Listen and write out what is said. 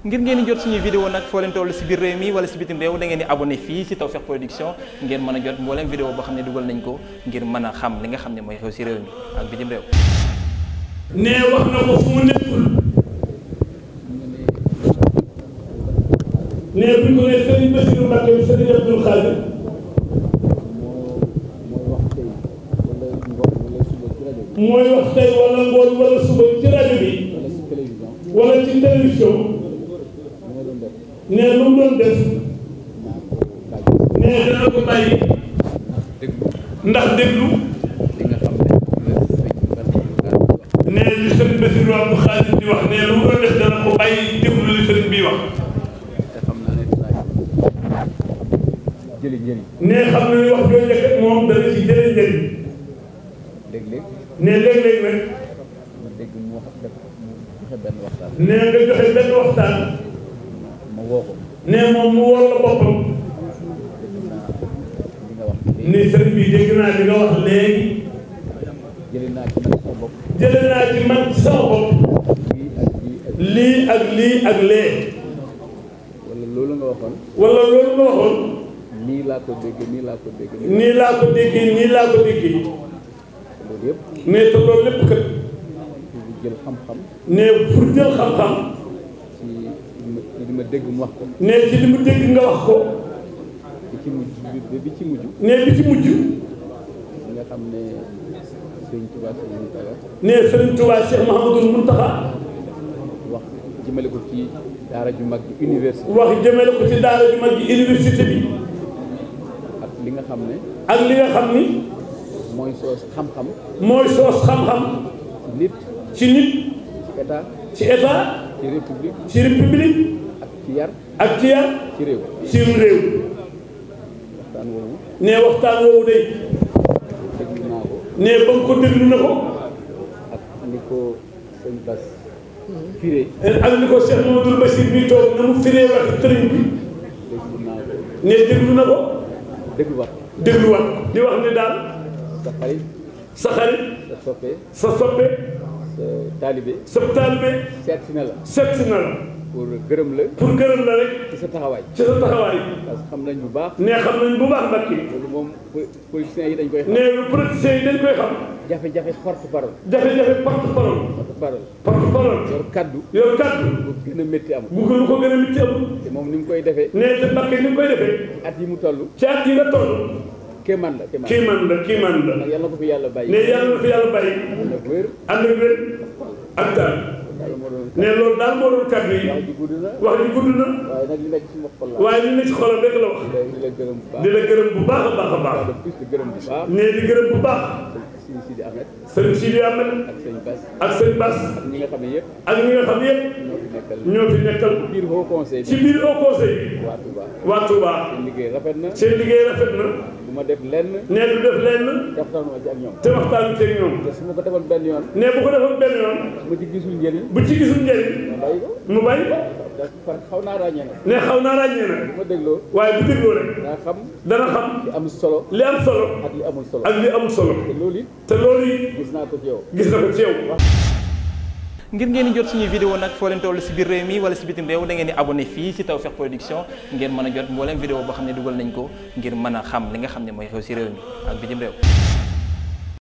ngir ngeen di jot suñuy vidéo nag foo toll si biir réew mi wala si bitim réew da di abonné fii si Tawfekh Production ngeen mën a jot mbooleem vidéo boo xam ne dugal nañ ko ngir mën a xam li nga xam ne mooy xew ak bitim réew wax na ko fu mu suba ci rajo bi wala ci télévision nee lu mu doon def nee dana ko bàyyi ndax déglu nee li sëñ Bassirou Abdou Khadim di wax nee lu mu doon def dana ko bàyyi déglu li sëñ bi wax nee xam na ni wax jooju rek moom dana ci jëlee njëriñ nee léeg-léeg nag nee nga joxe benn waxtaan. ma woo ko. nee moom mu woo la boppam. ni sëriñ bi dégg naa li nga wax léegi. jëlee naa ci man sama bopp. jëlee naa ci man sama bopp. lii ak lii ak lee. wala loolu nga waxoon. wala loolu nga waxoon. nii laa ko déggee nii laa ko déggee. nii laa ko déggee nii laa ko déggee. loolu yëpp. mais te loolu lépp kat. pour jël xam-xam. mais pour jël xam-xam. ci. ci li ma dégg mu wax ko. ne ci li mu dégg nga wax ko. bi ci mujj bi ci mujj. ne bi ci mujj. nga xam ne Serigne Touba Cheikh Mountakha. ne Serigne Touba Cheikh Mouhamadou Mountakha. wax jëmale ko ci daara mag ji université. wax jëmale ko ci daara ju mag ji université bi. ak li nga xam ne. ak li nga xam ni. mooy soos xam-xam. mooy soos xam-xam. nit. ci nit. ci état. ci état. ci république ci république ak ci yar ci yar ci réew ci waxtaan woowu ne waxtaan woowu day déglu naa ko ne ba nga ko déglu na ko ak ni ko sëñ Bass firé ak ni ko Cheikh Mamadou Bassir bi toog na mu firé wax sëriñ bi déglu naa ko ne déglu na ko dégluwaat dégluwaat di wax ne daal sa xarit sa xarit sa soppe sa soppe Euh, taalibe sa taalibe seet si na la seet si na la pour gërëm la pour gërëm la rek ci sa taxawaay ci sa taxawaay parce que xam nañ bu baax ne xam nañ bu baax nag ki loolu moom politiciens yi dañ koy xam ne politiciens yi dañ koy xam jafe-jafe porte parole jafe-jafe porte parole porte parole porte parole yor kaddu yor kaddu bu gën a métti amul bu gën ko gën a métti amul te moom ni mu koy defee ne te Mbacké ni mu koy defee at yi mu toll ci at yi nga toll kéemaan man kéemaan la kéemaan la. yàlla ko fi yàlla bàyyi. ne yàlla na fi yàlla bàyyi. ànd ak wér ak wér ne loolu daal moo doon kàddu yi. wax ji gudd na waaye nag li nekk ci la. waaye li nekk ci xolam rek la wax. di la gërëm bu baax a baax a baax. ne di gërëm bu baax. sëñ Sidi Ahmed. sëñ Sidi Ahmed. ak sëñ Bass. ak sëñ Bass. ak ñi nga xam ne yëpp. ak ñi nga xam ne ñoo fi nekkal. biir haut conseil bi ci biir haut conseil bi. waa Touba waa Touba. seen liggéey rafet na. seen liggéey rafet na. du ma def lenn. nee du def lenn. te waxtaanu te ak ñoom. te su ma ko defoon benn yoon. nee bu ko defoon benn yoon. bu ci gisul njëriñ. bu ci gisul njëriñ. mu bàyyi mu bàyyi xaw naa ràññee nag. ne xaw naa ràññee nag. bu ma dégloo. waaye bu dégloo rek. dana xam. dana xam. li am solo. li am solo. ak li amul solo. ak li amul solo. te loolu it. gis naa ko ci gis na ko ci yow. ngir ngeen di jot suñuy vidéo nag foo leen toll si biir réew mi wala si bitim réew da ngeen di abonné fii si Tawfekh Production ngeen mën a jot mbooleem vidéo boo xam ne dugal nañ ko ngir mën a xam li nga xam ne mooy xew si réew mi ak bitim réew.